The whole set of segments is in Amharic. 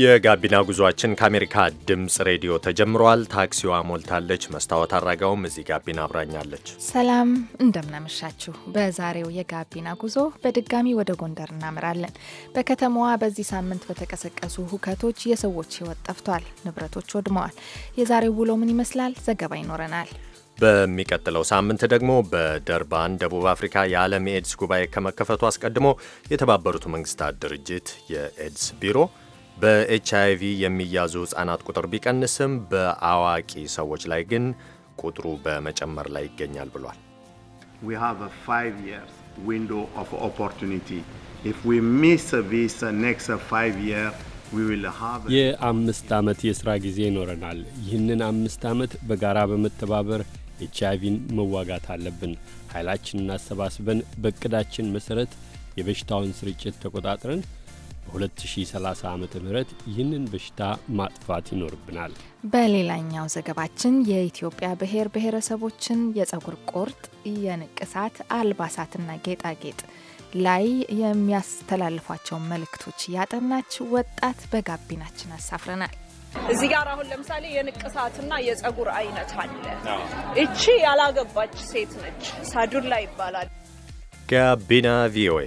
የጋቢና ጉዟችን ከአሜሪካ ድምፅ ሬዲዮ ተጀምሯል። ታክሲዋ ሞልታለች። መስታወት አድራጋውም እዚህ ጋቢና አብራኛለች። ሰላም እንደምናመሻችሁ። በዛሬው የጋቢና ጉዞ በድጋሚ ወደ ጎንደር እናምራለን። በከተማዋ በዚህ ሳምንት በተቀሰቀሱ ሁከቶች የሰዎች ሕይወት ጠፍቷል፣ ንብረቶች ወድመዋል። የዛሬው ውሎ ምን ይመስላል? ዘገባ ይኖረናል። በሚቀጥለው ሳምንት ደግሞ በደርባን ደቡብ አፍሪካ የዓለም የኤድስ ጉባኤ ከመከፈቱ አስቀድሞ የተባበሩት መንግስታት ድርጅት የኤድስ ቢሮ በኤች አይቪ የሚያዙ ህጻናት ቁጥር ቢቀንስም በአዋቂ ሰዎች ላይ ግን ቁጥሩ በመጨመር ላይ ይገኛል ብሏል። የአምስት ዓመት የሥራ ጊዜ ይኖረናል። ይህንን አምስት ዓመት በጋራ በመተባበር ኤች አይቪን መዋጋት አለብን። ኃይላችንን አሰባስበን በእቅዳችን መሠረት የበሽታውን ስርጭት ተቆጣጥረን በ2030 ዓ ም ይህንን በሽታ ማጥፋት ይኖርብናል። በሌላኛው ዘገባችን የኢትዮጵያ ብሔር ብሔረሰቦችን የጸጉር ቁርጥ፣ የንቅሳት አልባሳትና ጌጣጌጥ ላይ የሚያስተላልፏቸው መልእክቶች እያጠናች ወጣት በጋቢናችን አሳፍረናል። እዚህ ጋር አሁን ለምሳሌ የንቅሳትና የጸጉር አይነት አለ። እቺ ያላገባች ሴት ነች። ሳዱላ ይባላል። ጋቢና ቪኦኤ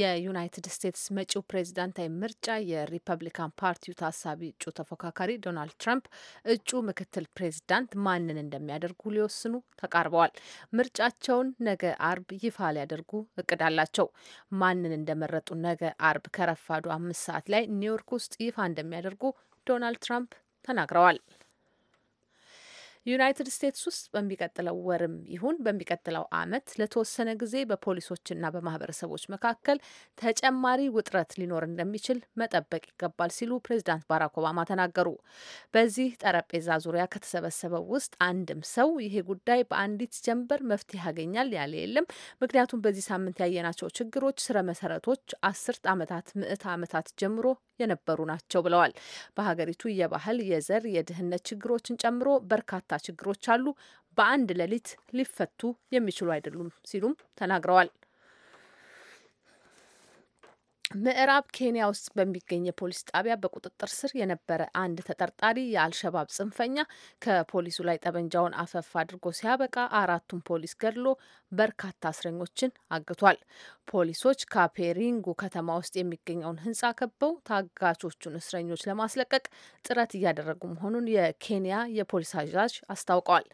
የዩናይትድ ስቴትስ መጪው ፕሬዚዳንታዊ ምርጫ የሪፐብሊካን ፓርቲው ታሳቢ እጩ ተፎካካሪ ዶናልድ ትራምፕ እጩ ምክትል ፕሬዚዳንት ማንን እንደሚያደርጉ ሊወስኑ ተቃርበዋል። ምርጫቸውን ነገ አርብ ይፋ ሊያደርጉ እቅድ አላቸው። ማንን እንደመረጡ ነገ አርብ ከረፋዱ አምስት ሰዓት ላይ ኒውዮርክ ውስጥ ይፋ እንደሚያደርጉ ዶናልድ ትራምፕ ተናግረዋል። ዩናይትድ ስቴትስ ውስጥ በሚቀጥለው ወርም ይሁን በሚቀጥለው ዓመት ለተወሰነ ጊዜ በፖሊሶችና በማህበረሰቦች መካከል ተጨማሪ ውጥረት ሊኖር እንደሚችል መጠበቅ ይገባል ሲሉ ፕሬዚዳንት ባራክ ኦባማ ተናገሩ። በዚህ ጠረጴዛ ዙሪያ ከተሰበሰበው ውስጥ አንድም ሰው ይሄ ጉዳይ በአንዲት ጀንበር መፍትሄ ያገኛል ያለ የለም፣ ምክንያቱም በዚህ ሳምንት ያየናቸው ችግሮች ስረ መሰረቶች አስርት ዓመታት ምዕት ዓመታት ጀምሮ የነበሩ ናቸው ብለዋል። በሀገሪቱ የባህል፣ የዘር፣ የድህነት ችግሮችን ጨምሮ በርካታ ችግሮች አሉ፣ በአንድ ሌሊት ሊፈቱ የሚችሉ አይደሉም ሲሉም ተናግረዋል። ምዕራብ ኬንያ ውስጥ በሚገኝ የፖሊስ ጣቢያ በቁጥጥር ስር የነበረ አንድ ተጠርጣሪ የአልሸባብ ጽንፈኛ ከፖሊሱ ላይ ጠመንጃውን አፈፍ አድርጎ ሲያበቃ አራቱን ፖሊስ ገድሎ በርካታ እስረኞችን አግቷል። ፖሊሶች ካፔሪንጉ ከተማ ውስጥ የሚገኘውን ህንጻ ከበው ታጋቾቹን እስረኞች ለማስለቀቅ ጥረት እያደረጉ መሆኑን የኬንያ የፖሊስ አዛዥ አስታውቀዋል።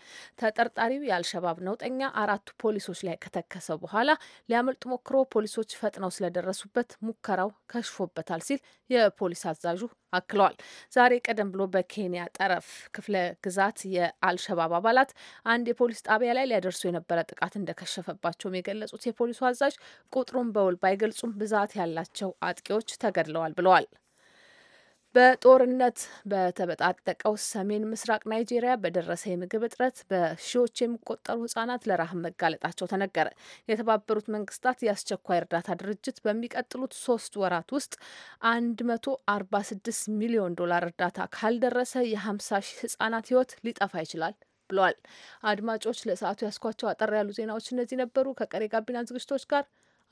ተጠርጣሪው የአልሸባብ ነውጠኛ አራቱ ፖሊሶች ላይ ከተከሰ በኋላ ሊያመልጥ ሞክሮ ፖሊሶች ፈጥነው ስለደረሱበት ሙከራው ከሽፎበታል ሲል የፖሊስ አዛዡ አክለዋል። ዛሬ ቀደም ብሎ በኬንያ ጠረፍ ክፍለ ግዛት የአልሸባብ አባላት አንድ የፖሊስ ጣቢያ ላይ ሊያደርሱ የነበረ ጥቃት እንደከሸፈባቸውም የገለጹት የፖሊሱ አዛዥ ቁጥሩን በውል ባይገልጹም ብዛት ያላቸው አጥቂዎች ተገድለዋል ብለዋል። በጦርነት በተበጣጠቀው ሰሜን ምስራቅ ናይጄሪያ በደረሰ የምግብ እጥረት በሺዎች የሚቆጠሩ ህጻናት ለረሃብ መጋለጣቸው ተነገረ። የተባበሩት መንግስታት የአስቸኳይ እርዳታ ድርጅት በሚቀጥሉት ሶስት ወራት ውስጥ ስድስት ሚሊዮን ዶላር እርዳታ ካልደረሰ የሀምሳ ሺህ ህጻናት ህይወት ሊጠፋ ይችላል ብሏል። አድማጮች ለሰዓቱ ያስኳቸው አጠር ያሉ ዜናዎች እነዚህ ነበሩ። ከቀሪ ጋቢና ዝግጅቶች ጋር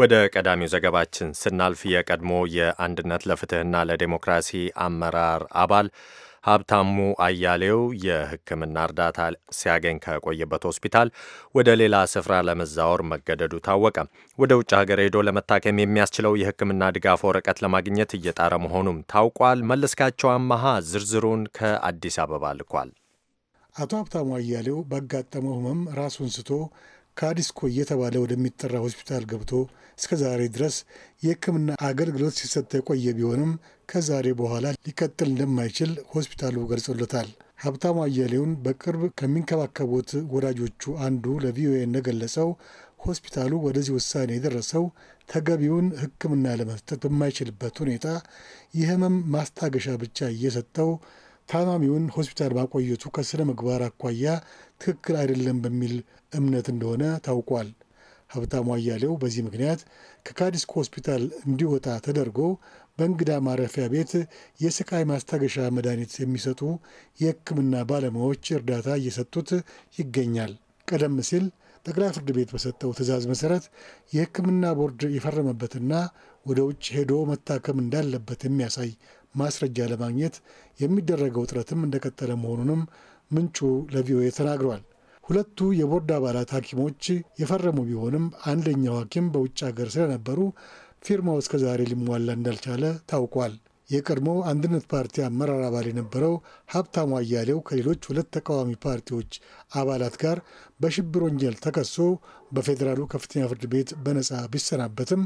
ወደ ቀዳሚው ዘገባችን ስናልፍ የቀድሞ የአንድነት ለፍትህና ለዴሞክራሲ አመራር አባል ሀብታሙ አያሌው የሕክምና እርዳታ ሲያገኝ ከቆየበት ሆስፒታል ወደ ሌላ ስፍራ ለመዛወር መገደዱ ታወቀ። ወደ ውጭ ሀገር ሄዶ ለመታከም የሚያስችለው የሕክምና ድጋፍ ወረቀት ለማግኘት እየጣረ መሆኑም ታውቋል። መለስካቸው አመሃ ዝርዝሩን ከአዲስ አበባ ልኳል። አቶ ሀብታሙ አያሌው ባጋጠመው ህመም ራሱን ስቶ ከአዲስኮ እየተባለ ወደሚጠራ ሆስፒታል ገብቶ እስከ ዛሬ ድረስ የሕክምና አገልግሎት ሲሰጥ የቆየ ቢሆንም ከዛሬ በኋላ ሊቀጥል እንደማይችል ሆስፒታሉ ገልጾለታል። ሀብታሙ አያሌውን በቅርብ ከሚንከባከቡት ወዳጆቹ አንዱ ለቪኦኤ እንደገለጸው ሆስፒታሉ ወደዚህ ውሳኔ የደረሰው ተገቢውን ሕክምና ለመስጠት በማይችልበት ሁኔታ የህመም ማስታገሻ ብቻ እየሰጠው ታማሚውን ሆስፒታል ማቆየቱ ከስነ ምግባር አኳያ ትክክል አይደለም በሚል እምነት እንደሆነ ታውቋል። ሀብታሙ አያሌው በዚህ ምክንያት ከካዲስኮ ሆስፒታል እንዲወጣ ተደርጎ በእንግዳ ማረፊያ ቤት የስቃይ ማስታገሻ መድኃኒት የሚሰጡ የሕክምና ባለሙያዎች እርዳታ እየሰጡት ይገኛል። ቀደም ሲል ጠቅላይ ፍርድ ቤት በሰጠው ትዕዛዝ መሰረት የሕክምና ቦርድ የፈረመበትና ወደ ውጭ ሄዶ መታከም እንዳለበት የሚያሳይ ማስረጃ ለማግኘት የሚደረገው ጥረትም እንደቀጠለ መሆኑንም ምንጩ ለቪኦኤ ተናግሯል። ሁለቱ የቦርድ አባላት ሐኪሞች የፈረሙ ቢሆንም አንደኛው ሐኪም በውጭ ሀገር ስለነበሩ ፊርማው እስከ ዛሬ ሊሟላ እንዳልቻለ ታውቋል። የቀድሞ አንድነት ፓርቲ አመራር አባል የነበረው ሀብታሙ አያሌው ከሌሎች ሁለት ተቃዋሚ ፓርቲዎች አባላት ጋር በሽብር ወንጀል ተከሶ በፌዴራሉ ከፍተኛ ፍርድ ቤት በነፃ ቢሰናበትም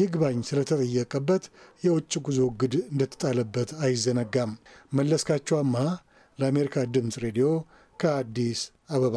ይግባኝ ስለተጠየቀበት የውጭ ጉዞ እግድ እንደተጣለበት አይዘነጋም። መለስካቸው አምሃ ለአሜሪካ ድምፅ ሬዲዮ ከአዲስ አበባ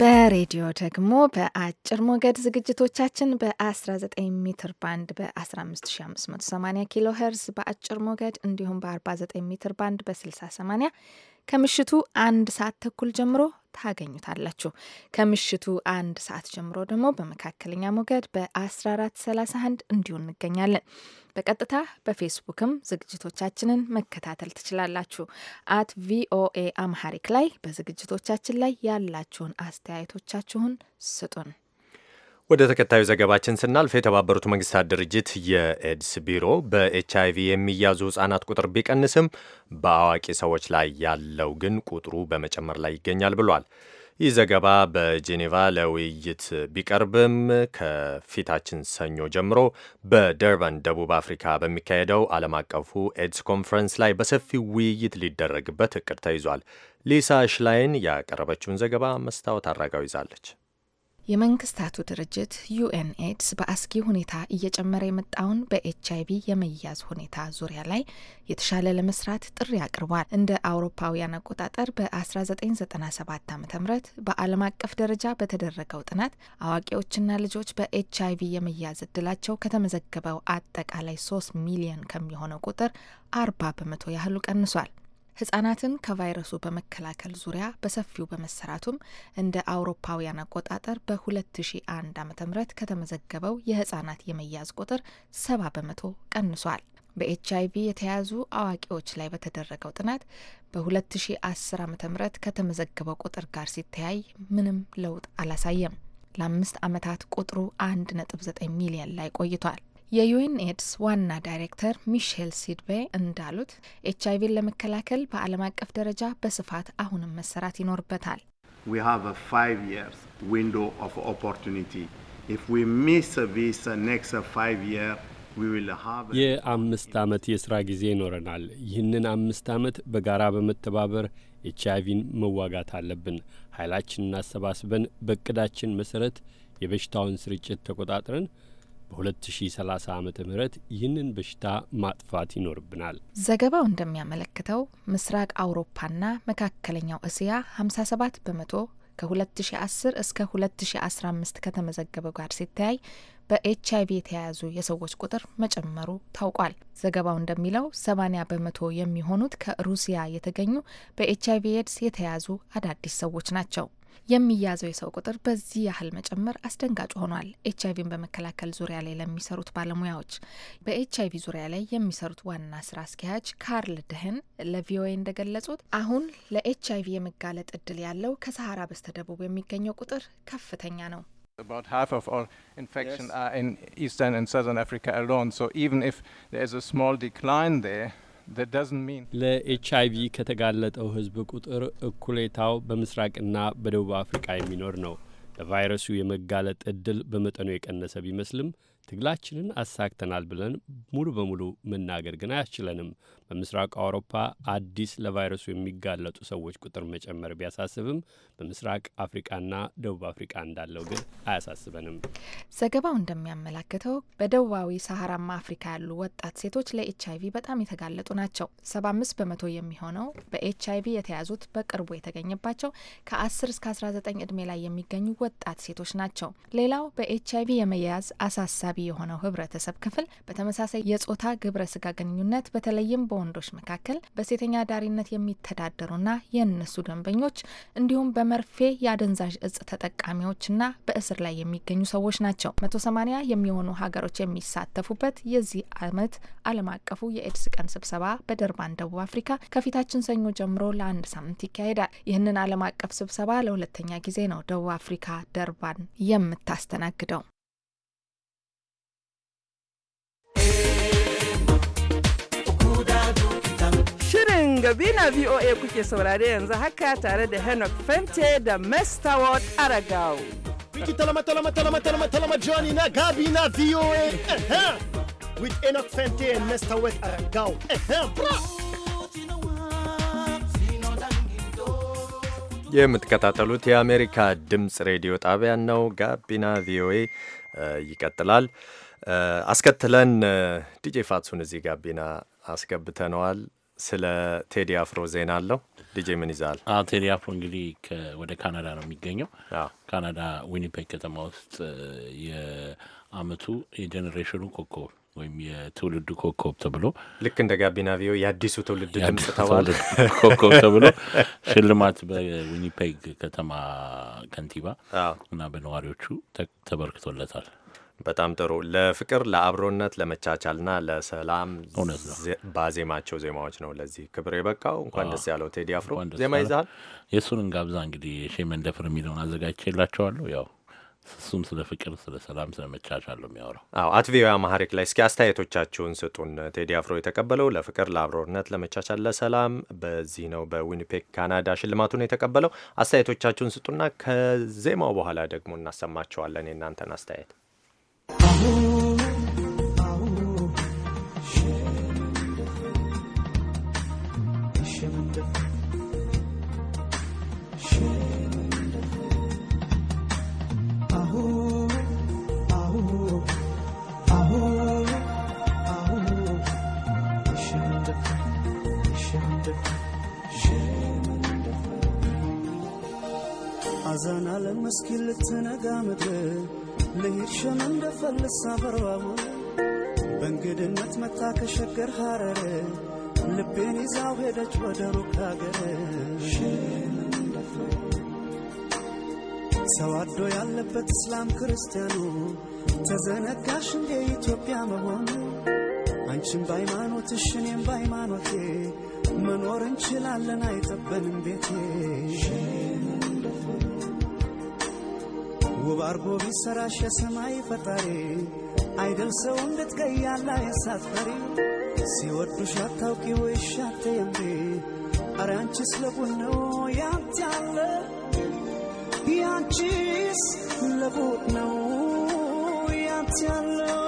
በሬዲዮ ደግሞ በአጭር ሞገድ ዝግጅቶቻችን በ19 ሜትር ባንድ በ15580 ኪሎ ሄርዝ በአጭር ሞገድ እንዲሁም በ49 ሜትር ባንድ በ6080 ከምሽቱ አንድ ሰዓት ተኩል ጀምሮ ታገኙታላችሁ። ከምሽቱ አንድ ሰዓት ጀምሮ ደግሞ በመካከለኛ ሞገድ በ1431 እንዲሁ እንገኛለን። በቀጥታ በፌስቡክም ዝግጅቶቻችንን መከታተል ትችላላችሁ። አት ቪኦኤ አምሃሪክ ላይ በዝግጅቶቻችን ላይ ያላችሁን አስተያየቶቻችሁን ስጡን። ወደ ተከታዩ ዘገባችን ስናልፍ የተባበሩት መንግስታት ድርጅት የኤድስ ቢሮ በኤች አይቪ የሚያዙ ህጻናት ቁጥር ቢቀንስም በአዋቂ ሰዎች ላይ ያለው ግን ቁጥሩ በመጨመር ላይ ይገኛል ብሏል። ይህ ዘገባ በጄኔቫ ለውይይት ቢቀርብም ከፊታችን ሰኞ ጀምሮ በደርባን ደቡብ አፍሪካ በሚካሄደው ዓለም አቀፉ ኤድስ ኮንፈረንስ ላይ በሰፊው ውይይት ሊደረግበት እቅድ ተይዟል። ሊሳ ሽላይን ያቀረበችውን ዘገባ መስታወት አድራጋው ይዛለች። የመንግስታቱ ድርጅት ዩኤን ኤድስ በአስጊ ሁኔታ እየጨመረ የመጣውን በኤች አይቪ የመያዝ ሁኔታ ዙሪያ ላይ የተሻለ ለመስራት ጥሪ አቅርቧል። እንደ አውሮፓውያን አቆጣጠር በ1997 ዓ ም በዓለም አቀፍ ደረጃ በተደረገው ጥናት አዋቂዎችና ልጆች በኤች አይቪ የመያዝ እድላቸው ከተመዘገበው አጠቃላይ 3 ሚሊዮን ከሚሆነው ቁጥር 40 በመቶ ያህሉ ቀንሷል። ህጻናትን ከቫይረሱ በመከላከል ዙሪያ በሰፊው በመሰራቱም እንደ አውሮፓውያን አቆጣጠር በ2001 ዓ.ም ከተመዘገበው የህጻናት የመያዝ ቁጥር 7 በመቶ ቀንሷል። በኤች ቪ የተያዙ አዋቂዎች ላይ በተደረገው ጥናት በ2010 ም ከተመዘገበው ቁጥር ጋር ሲተያይ ምንም ለውጥ አላሳየም። ለአምስት ዓመታት ቁጥሩ 1.9 ሚሊዮን ላይ ቆይቷል። የዩኤን ኤድስ ዋና ዳይሬክተር ሚሼል ሲድቤ እንዳሉት ኤች አይቪን ለመከላከል በዓለም አቀፍ ደረጃ በስፋት አሁንም መሰራት ይኖርበታል። የአምስት ዓመት የሥራ ጊዜ ይኖረናል። ይህንን አምስት ዓመት በጋራ በመተባበር ኤች አይቪን መዋጋት አለብን። ኃይላችንን አሰባስበን በእቅዳችን መሠረት የበሽታውን ስርጭት ተቆጣጥረን በ2030 ዓ ም ይህንን በሽታ ማጥፋት ይኖርብናል። ዘገባው እንደሚያመለክተው ምስራቅ አውሮፓና መካከለኛው እስያ 57 በመቶ ከ2010 እስከ 2015 ከተመዘገበው ጋር ሲተያይ በኤች አይቪ የተያያዙ የሰዎች ቁጥር መጨመሩ ታውቋል። ዘገባው እንደሚለው 80 በመቶ የሚሆኑት ከሩሲያ የተገኙ በኤች አይቪ ኤድስ የተያያዙ አዳዲስ ሰዎች ናቸው። የሚያዘው የሰው ቁጥር በዚህ ያህል መጨመር አስደንጋጭ ሆኗል። ኤች አይቪን በመከላከል ዙሪያ ላይ ለሚሰሩት ባለሙያዎች በኤች አይቪ ዙሪያ ላይ የሚሰሩት ዋና ስራ አስኪያጅ ካርል ደህን ለቪኦኤ እንደገለጹት አሁን ለኤች አይቪ የመጋለጥ እድል ያለው በስተ ደቡብ የሚገኘው ቁጥር ከፍተኛ ነው። About half of all infections yes. are in Eastern and Southern Africa alone. So even if there is a small decline there, ለኤች አይቪ ከተጋለጠው ህዝብ ቁጥር እኩሌታው በምስራቅና በደቡብ አፍሪቃ የሚኖር ነው። ለቫይረሱ የመጋለጥ እድል በመጠኑ የቀነሰ ቢመስልም ትግላችንን አሳክተናል ብለን ሙሉ በሙሉ መናገር ግን አያስችለንም። በምስራቅ አውሮፓ አዲስ ለቫይረሱ የሚጋለጡ ሰዎች ቁጥር መጨመር ቢያሳስብም በምስራቅ አፍሪቃና ደቡብ አፍሪቃ እንዳለው ግን አያሳስበንም። ዘገባው እንደሚያመላክተው በደቡባዊ ሰሃራማ አፍሪካ ያሉ ወጣት ሴቶች ለኤች አይቪ በጣም የተጋለጡ ናቸው። አምስት በመቶ የሚሆነው በኤች አይቪ የተያዙት በቅርቡ የተገኘባቸው ከ እስከ አስራ 19 እድሜ ላይ የሚገኙ ወጣት ሴቶች ናቸው። ሌላው በኤች አይቪ የመያያዝ አሳሳቢ የሆነው ህብረተሰብ ክፍል በተመሳሳይ የጾታ ግብረ ስጋ ግንኙነት በተለይም ወንዶች መካከል በሴተኛ አዳሪነት የሚተዳደሩና የእነሱ ደንበኞች እንዲሁም በመርፌ የአደንዛዥ እጽ ተጠቃሚዎችና በእስር ላይ የሚገኙ ሰዎች ናቸው። መቶ ሰማኒያ የሚሆኑ ሀገሮች የሚሳተፉበት የዚህ ዓመት ዓለም አቀፉ የኤድስ ቀን ስብሰባ በደርባን ደቡብ አፍሪካ ከፊታችን ሰኞ ጀምሮ ለአንድ ሳምንት ይካሄዳል። ይህንን ዓለም አቀፍ ስብሰባ ለሁለተኛ ጊዜ ነው ደቡብ አፍሪካ ደርባን የምታስተናግደው። Shirin Gabina VOA kuke saurare yanzu haka tare da Henok Fente da Mr. Ward Aragao. Wiki talama talama talama talama talama Johnny na Gabina VOA. With Henok Fente and Mr. Ward Aragao. የምትከታተሉት የአሜሪካ ድምፅ ሬዲዮ ጣቢያን ነው። ጋቢና ቪኦኤ ይቀጥላል። አስከትለን ዲጄ ፋትሱን እዚህ ጋቢና አስገብተነዋል። ስለ ቴዲ አፍሮ ዜና አለው። ልጄ ምን ይዛል? ቴዲ አፍሮ እንግዲህ ወደ ካናዳ ነው የሚገኘው። ካናዳ ዊኒፔግ ከተማ ውስጥ የአመቱ የጀኔሬሽኑ ኮከብ ወይም የትውልዱ ኮከብ ተብሎ ልክ እንደ ጋቢና ቪዮ የአዲሱ ትውልድ ድምጽ ተባለ ኮከብ ተብሎ ሽልማት በዊኒፔግ ከተማ ከንቲባ እና በነዋሪዎቹ ተበርክቶለታል። በጣም ጥሩ። ለፍቅር፣ ለአብሮነት፣ ለመቻቻልና ለሰላም ባዜማቸው ዜማዎች ነው ለዚህ ክብር የበቃው። እንኳን ደስ ያለው ቴዲ አፍሮ። ዜማ ይዛል። የእሱን እንጋብዛ እንግዲህ የሼ መንደፍር የሚለውን አዘጋጅቼላቸዋለሁ። ያው እሱም ስለ ፍቅር፣ ስለ ሰላም፣ ስለ መቻቻል ነው የሚያወራው። አዎ አት አማሪክ ላይ እስኪ አስተያየቶቻችሁን ስጡን። ቴዲ አፍሮ የተቀበለው ለፍቅር፣ ለአብሮነት፣ ለመቻቻል፣ ለሰላም በዚህ ነው በዊኒፔግ ካናዳ ሽልማቱን የተቀበለው። አስተያየቶቻችሁን ስጡና ከዜማው በኋላ ደግሞ እናሰማቸዋለን የእናንተን አስተያየት ሐዘን አለም እስኪ ልትነጋ ምድር ልሄድሽን እንደፈልሳ በርባቡ በእንግድነት መታ ከሸገር ሐረር ልቤን ይዛው ሄደች ወደ ሩቅ ሀገር። አዶ ያለበት እስላም ክርስቲያኑ ተዘነጋሽ እንዴ ኢትዮጵያ መሆን አንቺም በሃይማኖትሽ እኔም በሃይማኖቴ መኖር እንችላለን አይጠበንም ቤቴ doar bovisăra și să mai fătare Ai del să undeți că ea la e sat fări Si ori tu și-a tău chiu te iambe Are ancis lăbun nou ea teală E lăbun nou ea teală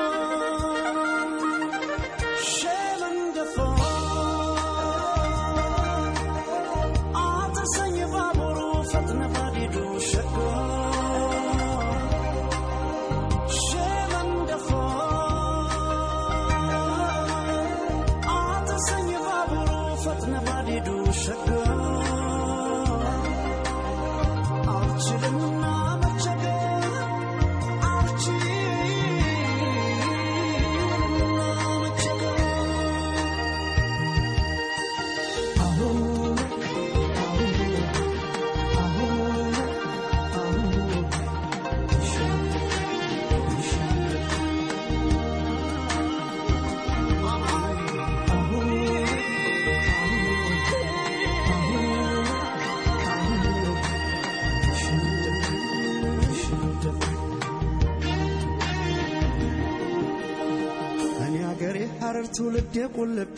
ቁልቤ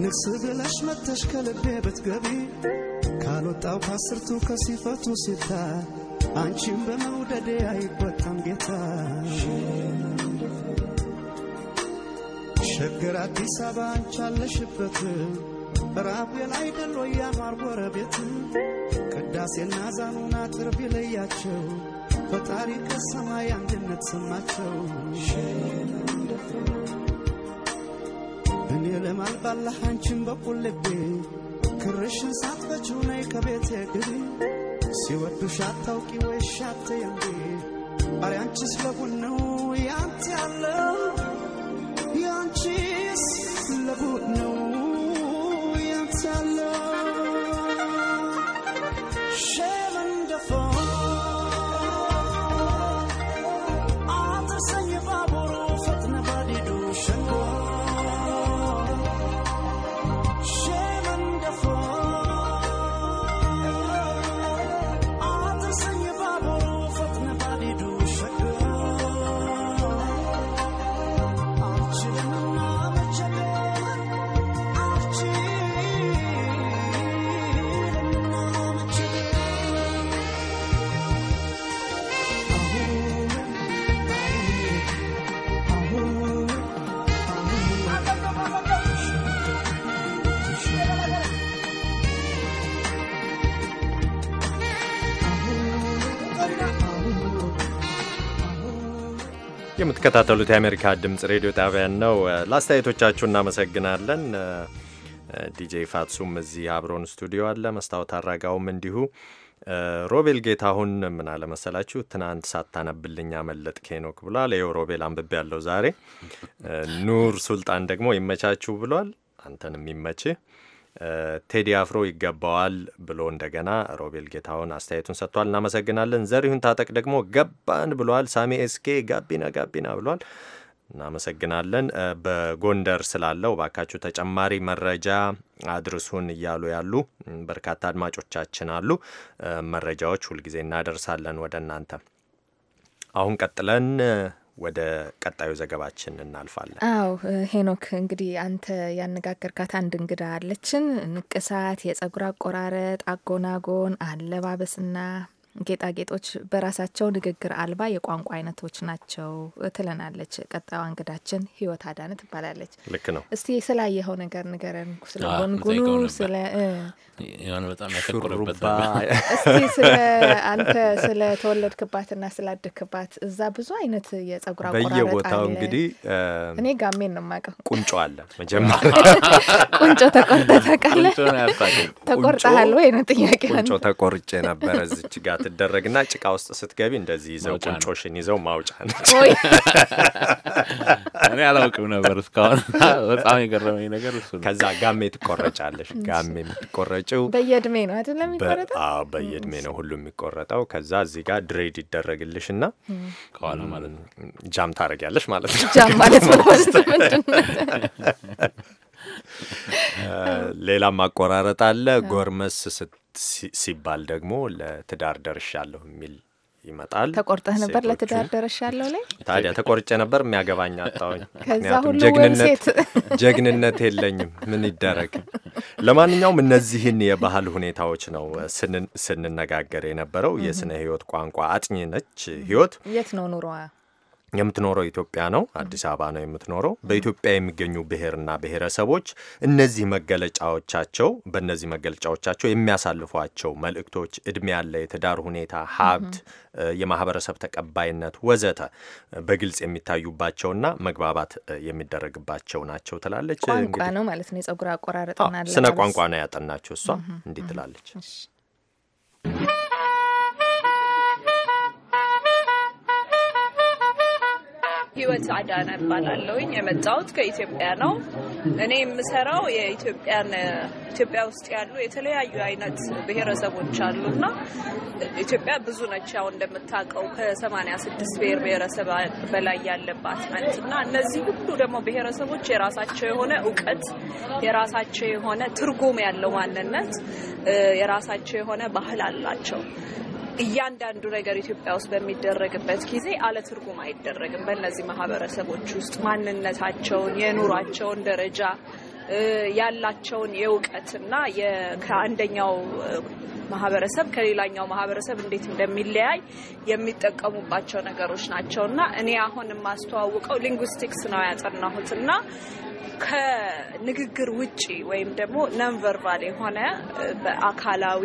ንግስ ብለሽ መተሽ ከልቤ ብትገቢ ካልወጣው ካስርቱ ከሲፈቱ ሲታ አንቺም በመውደዴ አይበጣም ጌታ ሸገር አዲስ አበባ አንቻለሽበት ራቤን አይደል ያኗር ጎረቤት ቅዳሴና ዛኑን አጥር ቢለያቸው ፈጣሪ ከሰማይ አንድነት ሰማቸው አልባላህ አንቺን በቁል ልቤ ክርሽን ሳትፈችው ነይ ከቤቴ ግቢ ሲወዱሽ አታውቂ እንዴ ያለው የምትከታተሉት የአሜሪካ ድምፅ ሬዲዮ ጣቢያን ነው። ለአስተያየቶቻችሁ እናመሰግናለን። ዲጄ ፋትሱም እዚህ አብሮን ስቱዲዮ አለ። መስታወት አራጋውም እንዲሁ። ሮቤል ጌታሁን ምን አለመሰላችሁ ትናንት ሳታነብልኝ አመለጥ ኬኖክ ብሏል። ይኸው ሮቤል አንብቤ ያለው ዛሬ። ኑር ሱልጣን ደግሞ ይመቻችሁ ብሏል። አንተንም ይመችህ ቴዲ አፍሮ ይገባዋል ብሎ እንደገና ሮቤል ጌታውን አስተያየቱን ሰጥቷል። እናመሰግናለን። ዘሪሁን ታጠቅ ደግሞ ገባን ብሏል። ሳሚ ኤስኬ ጋቢና ጋቢና ብሏል። እናመሰግናለን። በጎንደር ስላለው ባካችሁ ተጨማሪ መረጃ አድርሱን እያሉ ያሉ በርካታ አድማጮቻችን አሉ። መረጃዎች ሁልጊዜ እናደርሳለን ወደ እናንተ። አሁን ቀጥለን ወደ ቀጣዩ ዘገባችን እናልፋለን። አው ሄኖክ፣ እንግዲህ አንተ ያነጋገርካት አንድ እንግዳ አለችን። ንቅሳት፣ የጸጉር አቆራረጥ፣ አጎናጎን፣ አለባበስና ጌጣጌጦች በራሳቸው ንግግር አልባ የቋንቋ አይነቶች ናቸው ትለናለች ቀጣዩ እንግዳችን ህይወት አዳነ ትባላለች። ልክ ነው። እስቲ ስላየኸው ነገር ንገረን፣ ስለ ጎንጉኑ፣ ስለ በጣም ያተኮረበት እስቲ ስለ አንተ ስለ ተወለድክባትና ስላደግክባት እዛ ብዙ አይነት የጸጉር በየቦታው እንግዲህ እኔ ጋሜን ነው የማውቀው። ቁንጮ አለ መጀመሪያ ቁንጮ ተቆርጠ ተቃለ ተቆርጠሃል ወይ ነው ጥያቄ። ቁንጮ ተቆርጬ ነበረ እዚች ጋ ስትደረግና ጭቃ ውስጥ ስትገቢ እንደዚህ ይዘው ቁንጮሽን ይዘው ማውጫ ነው። እኔ አላውቅም ነበር እስካሁን። በጣም የገረመኝ ነገር እሱ ከዛ ጋሜ ትቆረጫለሽ። ጋሜ የምትቆረጭው በየእድሜ ነው አይደለ? የሚቆረጠው በየእድሜ ነው ሁሉ የሚቆረጠው። ከዛ እዚህ ጋር ድሬድ ይደረግልሽ እና ከኋላ ማለት ነው ጃም ታደርጊያለሽ ማለት ነው። ጃም ማለት ምንድን ነው? ሌላም ማቆራረጥ አለ ጎርመስ ስት ሲባል ደግሞ ለትዳር ደርሻለሁ የሚል ይመጣል። ተቆርጠህ ነበር ለትዳር ደርሻለሁ ላይ? ታዲያ ተቆርጬ ነበር፣ የሚያገባኝ አጣሁኝ። ምክንያቱም ጀግንነት ጀግንነት የለኝም። ምን ይደረግ። ለማንኛውም እነዚህን የባህል ሁኔታዎች ነው ስንነጋገር የነበረው። የስነ ህይወት ቋንቋ አጥኚ ነች ህይወት። የት ነው ኑሮዋ? የምትኖረው ኢትዮጵያ ነው፣ አዲስ አበባ ነው የምትኖረው። በኢትዮጵያ የሚገኙ ብሔርና ብሔረሰቦች እነዚህ መገለጫዎቻቸው በእነዚህ መገለጫዎቻቸው የሚያሳልፏቸው መልእክቶች እድሜ ያለ የትዳር ሁኔታ፣ ሀብት፣ የማህበረሰብ ተቀባይነት ወዘተ በግልጽ የሚታዩባቸውና መግባባት የሚደረግባቸው ናቸው ትላለች። ቋንቋ ነው ማለት ነው። የጸጉር አቆራረጥና ስነ ቋንቋ ነው ያጠናቸው እሷ እንዲህ ትላለች። ህይወት አዳነ እባላለሁኝ። የመጣሁት ከኢትዮጵያ ነው። እኔ የምሰራው የኢትዮጵያን ኢትዮጵያ ውስጥ ያሉ የተለያዩ አይነት ብሔረሰቦች አሉና ኢትዮጵያ ብዙ ነች። ያው እንደምታውቀው ከሰማንያ ስድስት ብሔር ብሔረሰብ በላይ ያለባት ናት እና እነዚህ ሁሉ ደግሞ ብሔረሰቦች የራሳቸው የሆነ እውቀት፣ የራሳቸው የሆነ ትርጉም ያለው ማንነት፣ የራሳቸው የሆነ ባህል አላቸው። እያንዳንዱ ነገር ኢትዮጵያ ውስጥ በሚደረግበት ጊዜ አለትርጉም አይደረግም። በእነዚህ ማህበረሰቦች ውስጥ ማንነታቸውን፣ የኑሯቸውን ደረጃ ያላቸውን የእውቀትና ከአንደኛው ማህበረሰብ ከሌላኛው ማህበረሰብ እንዴት እንደሚለያይ የሚጠቀሙባቸው ነገሮች ናቸው እና እኔ አሁን የማስተዋውቀው ሊንጉስቲክስ ነው ያጠናሁት እና ከንግግር ውጪ ወይም ደግሞ ነንቨርባል የሆነ በአካላዊ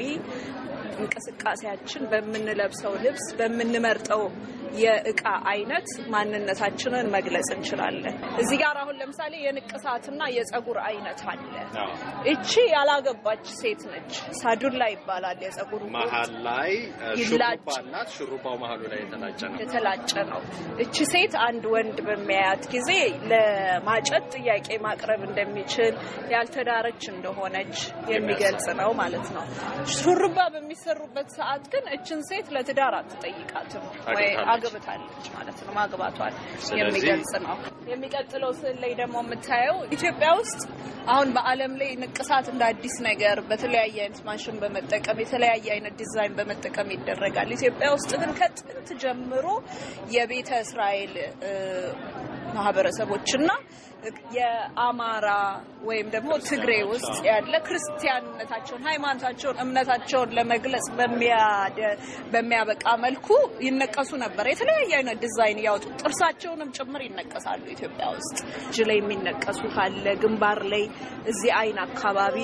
እንቅስቃሴያችን፣ በምንለብሰው ልብስ፣ በምንመርጠው የእቃ አይነት ማንነታችንን መግለጽ እንችላለን። እዚህ ጋር አሁን ለምሳሌ የንቅሳትና የጸጉር አይነት አለ። እቺ ያላገባች ሴት ነች። ሳዱላ ይባላል። የጸጉር መሀል ላይ ሹሩባላት ሹሩባው መሀሉ ላይ የተላጨ ነው የተላጨ ነው። እቺ ሴት አንድ ወንድ በሚያያት ጊዜ ለማጨት ጥያቄ ማቅረብ እንደሚችል ያልተዳረች እንደሆነች የሚገልጽ ነው ማለት ነው። ሹሩባ በሚሰ በሰሩበት ሰዓት ግን እችን ሴት ለትዳር አትጠይቃትም ወይ አግብታለች ማለት ነው። ማግባቷን የሚገልጽ ነው። የሚቀጥለው ስዕል ላይ ደግሞ የምታየው ኢትዮጵያ ውስጥ አሁን በዓለም ላይ ንቅሳት እንደ አዲስ ነገር በተለያየ አይነት ማሽን በመጠቀም የተለያየ አይነት ዲዛይን በመጠቀም ይደረጋል። ኢትዮጵያ ውስጥ ግን ከጥንት ጀምሮ የቤተ እስራኤል ማህበረሰቦችና የአማራ ወይም ደግሞ ትግሬ ውስጥ ያለ ክርስቲያንነታቸውን፣ ሃይማኖታቸውን፣ እምነታቸውን ለመግለጽ በሚያበቃ መልኩ ይነቀሱ ነበር። የተለያየ አይነት ዲዛይን እያወጡ ጥርሳቸውንም ጭምር ይነቀሳሉ። ኢትዮጵያ ውስጥ እጅ ላይ የሚነቀሱ ካለ ግንባር ላይ እዚህ አይን አካባቢ፣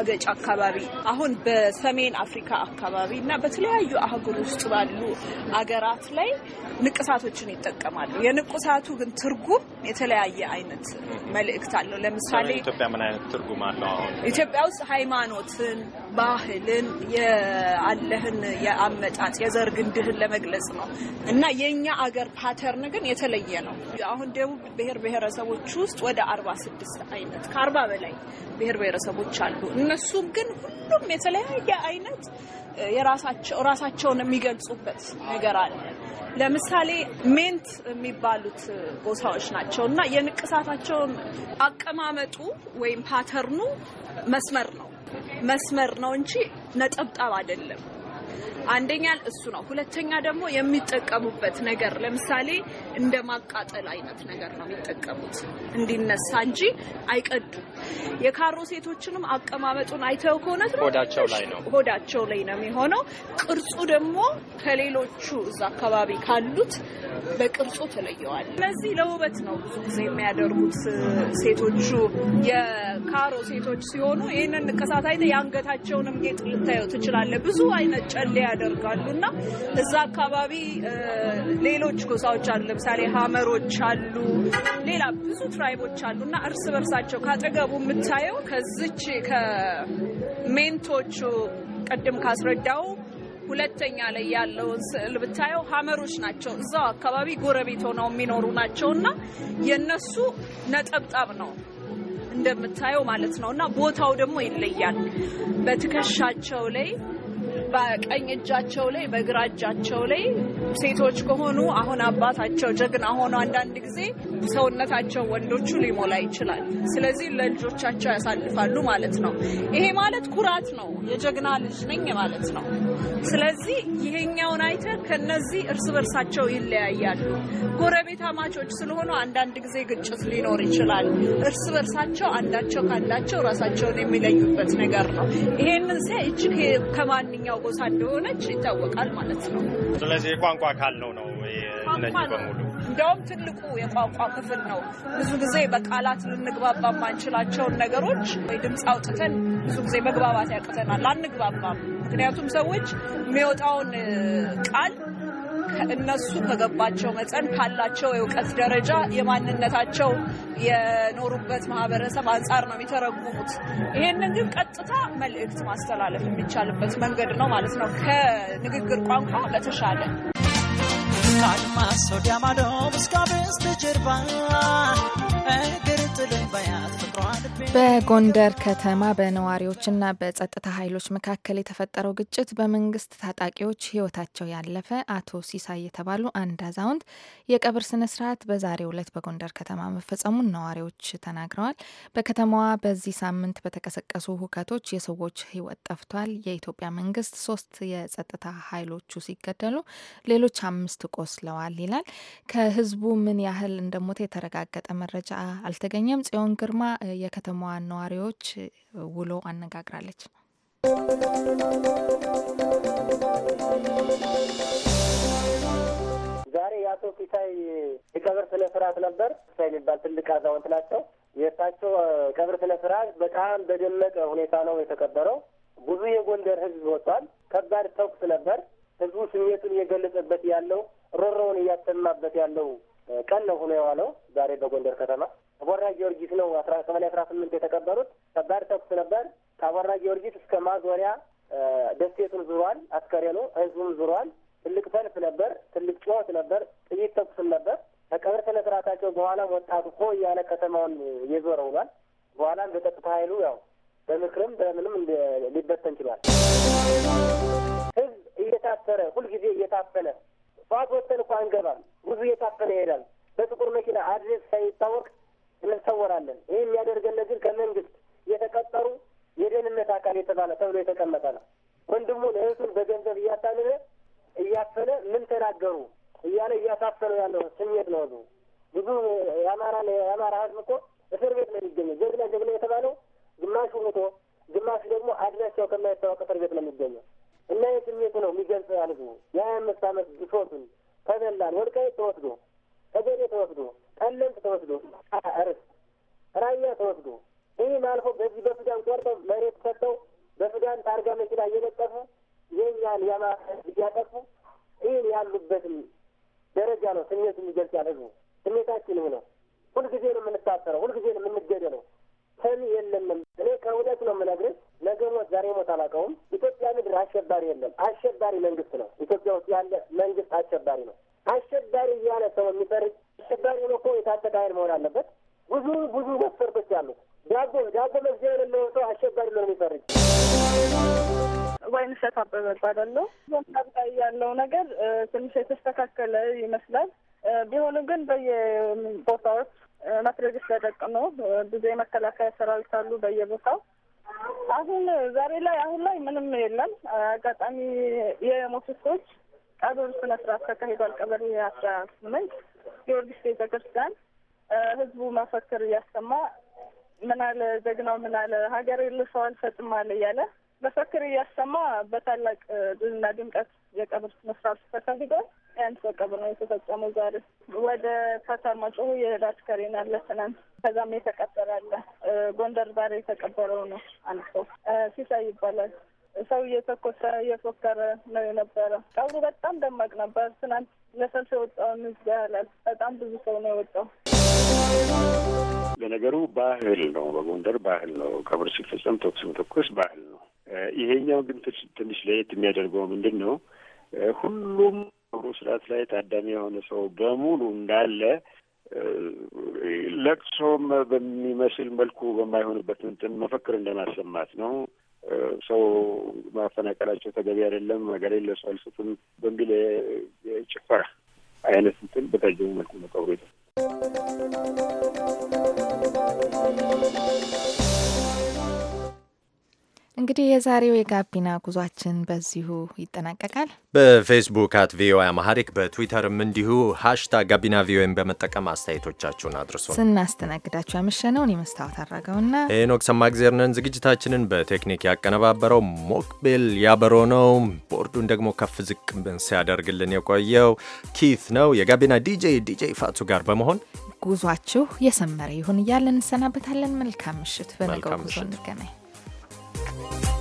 አገጭ አካባቢ አሁን በሰሜን አፍሪካ አካባቢ እና በተለያዩ አህጉር ውስጥ ባሉ አገራት ላይ ንቅሳቶችን ይጠቀማሉ። የንቁሳቱ ግን ትርጉ ትርጉም የተለያየ አይነት መልእክት አለው። ለምሳሌ ኢትዮጵያ ምን አይነት ትርጉም አለው? ኢትዮጵያ ውስጥ ሃይማኖትን፣ ባህልን፣ የአለህን የአመጣጥ የዘር ግንድህን ለመግለጽ ነው እና የእኛ አገር ፓተርን ግን የተለየ ነው። አሁን ደቡብ ብሔር ብሔረሰቦች ውስጥ ወደ አርባ ስድስት አይነት ከአርባ በላይ ብሔር ብሔረሰቦች አሉ። እነሱም ግን ሁሉም የተለያየ አይነት ራሳቸውን የሚገልጹበት ነገር አለ። ለምሳሌ ሜንት የሚባሉት ቦታዎች ናቸው እና የንቅሳታቸውን አቀማመጡ ወይም ፓተርኑ መስመር ነው መስመር ነው እንጂ ነጠብጣብ አይደለም። አንደኛ እሱ ነው። ሁለተኛ ደግሞ የሚጠቀሙበት ነገር ለምሳሌ እንደ ማቃጠል አይነት ነገር ነው የሚጠቀሙት እንዲነሳ እንጂ አይቀዱም። የካሮ ሴቶችንም አቀማመጡን አይተው ከሆነ ሆዳቸው ላይ ነው ሆዳቸው ላይ ነው የሚሆነው። ቅርጹ ደግሞ ከሌሎቹ እዛ አካባቢ ካሉት በቅርጹ ተለየዋል። ስለዚህ ለውበት ነው ብዙ ጊዜ የሚያደርጉት ሴቶቹ የካሮ ሴቶች ሲሆኑ ይህንን ንቅሳት አይተ የአንገታቸውንም ጌጥ ልታየው ትችላለ። ብዙ አይነት ጨለያ ያደርጋሉ እና እዛ አካባቢ ሌሎች ጎሳዎች አሉ። ለምሳሌ ሀመሮች አሉ፣ ሌላ ብዙ ትራይቦች አሉ እና እርስ በርሳቸው ካጠገቡ የምታየው ከዚች ከሜንቶቹ ቅድም ካስረዳው ሁለተኛ ላይ ያለውን ስዕል ብታየው ሀመሮች ናቸው። እዛው አካባቢ ጎረቤት ሆነው የሚኖሩ ናቸው እና የነሱ ነጠብጣብ ነው እንደምታየው ማለት ነው እና ቦታው ደግሞ ይለያል። በትከሻቸው ላይ በቀኝ እጃቸው ላይ በግራ እጃቸው ላይ ሴቶች ከሆኑ አሁን አባታቸው ጀግና ሆኖ አንዳንድ ጊዜ ሰውነታቸው ወንዶቹ ሊሞላ ይችላል። ስለዚህ ለልጆቻቸው ያሳልፋሉ ማለት ነው። ይሄ ማለት ኩራት ነው። የጀግና ልጅ ነኝ ማለት ነው። ስለዚህ ይሄኛውን አይተ ከነዚህ እርስ በርሳቸው ይለያያሉ። ጎረቤት አማቾች ስለሆኑ አንዳንድ ጊዜ ግጭት ሊኖር ይችላል። እርስ በርሳቸው አንዳቸው ካንዳቸው ራሳቸውን የሚለዩበት ነገር ነው። ይሄንን ሲያ እጅግ ከማንኛው ጎሳ እንደሆነች ይታወቃል ማለት ነው። ስለዚህ ቋንቋ አካል ነው ነው እነዚህ በሙሉ እንዲያውም ትልቁ የቋንቋ ክፍል ነው። ብዙ ጊዜ በቃላት ልንግባባ የማንችላቸውን ነገሮች ወይ ድምፅ አውጥተን ብዙ ጊዜ መግባባት ያቅተናል፣ አንግባባም። ምክንያቱም ሰዎች የሚወጣውን ቃል እነሱ ከገባቸው መጠን ካላቸው የእውቀት ደረጃ የማንነታቸው የኖሩበት ማህበረሰብ አንጻር ነው የሚተረጉሙት። ይሄንን ግን ቀጥታ መልእክት ማስተላለፍ የሚቻልበት መንገድ ነው ማለት ነው ከንግግር ቋንቋ በተሻለ Ragazzo di Amado, busca veste cervana. በጎንደር ከተማ በነዋሪዎችና በጸጥታ ኃይሎች መካከል የተፈጠረው ግጭት በመንግስት ታጣቂዎች ህይወታቸው ያለፈ አቶ ሲሳይ የተባሉ አንድ አዛውንት የቀብር ስነ ስርዓት በዛሬው ዕለት በጎንደር ከተማ መፈጸሙን ነዋሪዎች ተናግረዋል። በከተማዋ በዚህ ሳምንት በተቀሰቀሱ ሁከቶች የሰዎች ህይወት ጠፍቷል። የኢትዮጵያ መንግስት ሶስት የጸጥታ ኃይሎቹ ሲገደሉ ሌሎች አምስት ቆስለዋል ይላል። ከህዝቡ ምን ያህል እንደሞተ የተረጋገጠ መረጃ አልተገኘ በመቀጠለኛም ጽዮን ግርማ የከተማዋን ነዋሪዎች ውሎ አነጋግራለች። ዛሬ የአቶ ፊሳይ የቀብር ስነ ስርዓት ነበር። ፒታይ የሚባል ትልቅ አዛውንት ናቸው። የእሳቸው ቀብር ስነ ስርዓት በጣም በደመቀ ሁኔታ ነው የተከበረው። ብዙ የጎንደር ህዝብ ወጥቷል። ከባድ ተኩስ ነበር። ህዝቡ ስሜቱን እየገለጸበት ያለው ሮሮውን እያሰማበት ያለው ቀን ነው ሆኖ የዋለው ዛሬ በጎንደር ከተማ። አቦራ ጊዮርጊስ ነው አስራ ቀበሌ አስራ ስምንት የተቀበሩት። ከባድ ተኩስ ነበር። ከአቦራ ጊዮርጊስ እስከ ማዞሪያ ደሴቱን ዙሯል። አስከሬኑ ህዝቡም ዙሯል። ትልቅ ሰልፍ ነበር። ትልቅ ጩኸት ነበር። ጥይት ተኩስም ነበር። ከቀብር ስነ ስርዓታቸው በኋላም ወጣቱ ሆ እያለ ከተማውን እየዞረ ውሏል። በኋላም በጸጥታ ኃይሉ ያው በምክርም በምንም ሊበተን ችሏል። ህዝብ እየታፈረ ሁልጊዜ እየታፈነ ጠዋት ወጥተን እኮ አንገባም። ብዙ እየታፈነ ይሄዳል። በጥቁር መኪና አድሬስ ሳይታወቅ እንሰወራለን። ይህ የሚያደርገን ግን ከመንግስት የተቀጠሩ የደህንነት አካል የተባለ ተብሎ የተቀመጠ ነው። ወንድሙን እህቱን በገንዘብ እያታለለ እያፈለ ምን ተናገሩ እያለ እያሳፈነው ያለው ስሜት ነው። ህዝቡ ብዙ የአማራ የአማራ ህዝብ እኮ እስር ቤት ነው የሚገኘው። ጀግና ጀግና የተባለው ግማሹ ሙቶ፣ ግማሹ ደግሞ አድራሻው ከማይታወቅ እስር ቤት ነው የሚገኘው እና ይህ ስሜቱ ነው የሚገልጽ ህዝቡ የሀያ አምስት አመት ብሶቱን ተበላን ወልቃይት ተወስዶ ተገዴ ተወስዶ ጠለምት ተወስዶ ርስ ራያ ተወስዶ ይህ ማልፎ በዚህ በሱዳን ቆርጠው መሬት ሰጠው በሱዳን ታርጋ መኪና እየለጠፉ የእኛን የአማራ እያጠፉ ይህን ያሉበትም ደረጃ ነው ስሜት የሚገልጽ ያለ ህዝቡ ስሜታችንም ነው። ሁልጊዜ ነው የምንታሰረው፣ ሁልጊዜ ነው የምንገደለው። ሰሚ የለንም። እኔ ከእውነት ነው የምነግርህ። ነገ ሞት ዛሬ ሞት አላውቀውም። ኢትዮጵያ ምድር አሸባሪ የለም፣ አሸባሪ መንግስት ነው። ኢትዮጵያ ውስጥ ያለ መንግስት አሸባሪ ነው። አሸባሪ እያለ ሰው የሚፈርጅ አሸባሪ ሆኖ እኮ የታጠቀ ኃይል መሆን አለበት። ብዙ ብዙ መስፈርቶች አሉ። ዳቦ ዳቦ መግዚያ የሌለው ሰው አሸባሪ ነው የሚፈርጅ። ወይንሸት አበበ እባላለሁ። ዞምታት ላይ ያለው ነገር ትንሽ የተስተካከለ ይመስላል። ቢሆንም ግን በየቦታዎች መትረየስ ነው ብዙ የመከላከያ ሰራዊት አሉ በየቦታው አሁን ዛሬ ላይ አሁን ላይ ምንም የለም። አጋጣሚ የሞቱ ሰዎች ቀብር ስነ ስርዓት ተካሂዷል። ቀብር አስራ ስምንት ጊዮርጊስ ቤተ ክርስቲያን ህዝቡ መፈክር እያሰማ ምናለ ጀግናው ምናለ ሀገር ልሰው አልሰጥም አለ እያለ መፈክር እያሰማ በታላቅ ድልና ድምቀት የቀብር ስነ ስርዓት ተካሂዷል። ያንስ በቀብር ነው የተፈጸመው። ዛሬ ወደ ፈተር ጮሁ የዳች ከሬን አለ ትናንት፣ ከዛም የተቀበራለ ጎንደር ዛሬ የተቀበረው ነው አንድ ሰው ሲሳይ ይባላል። ሰው እየተኮሰ እየፎከረ ነው የነበረ። ቀብሩ በጣም ደማቅ ነበር። ትናንት ለሰልፍ የወጣውን ህዝብ ያህላል። በጣም ብዙ ሰው ነው የወጣው። ለነገሩ ባህል ነው፣ በጎንደር ባህል ነው። ቀብር ሲፈጸም ተኩስ መተኮስ ባህል ነው። ይሄኛው ግን ትንሽ ለየት የሚያደርገው ምንድን ነው? ሁሉም ቀብሩ ስርዓት ላይ ታዳሚ የሆነ ሰው በሙሉ እንዳለ ለቅሶም በሚመስል መልኩ በማይሆንበት እንትን መፈክር እንደማሰማት ነው። ሰው ማፈናቀላቸው ተገቢ አይደለም፣ ሀገሬን ለሰው አልሰጥም በሚል ጭፈራ አይነት እንትን በታጀቡ መልኩ መቀብሩ ቀብሩ እንግዲህ የዛሬው የጋቢና ጉዟችን በዚሁ ይጠናቀቃል። በፌስቡክ አት ቪኦኤ አማሐሪክ በትዊተርም እንዲሁ ሀሽታግ ጋቢና ቪኦኤን በመጠቀም አስተያየቶቻችሁን አድርሶ ስናስተናግዳችሁ ያመሸነውን የመስታወት አድራገውና ሄኖክ ሰማግዜርነን ዝግጅታችንን በቴክኒክ ያቀነባበረው ሞክቤል ያበሮ ነው። ቦርዱን ደግሞ ከፍ ዝቅ ሲያደርግልን የቆየው ኪት ነው። የጋቢና ዲጄ ዲጄ ፋቱ ጋር በመሆን ጉዟችሁ የሰመረ ይሁን እያለን እንሰናበታለን። መልካም ምሽት። በነገው ጉዞ እንገናኝ። Bye.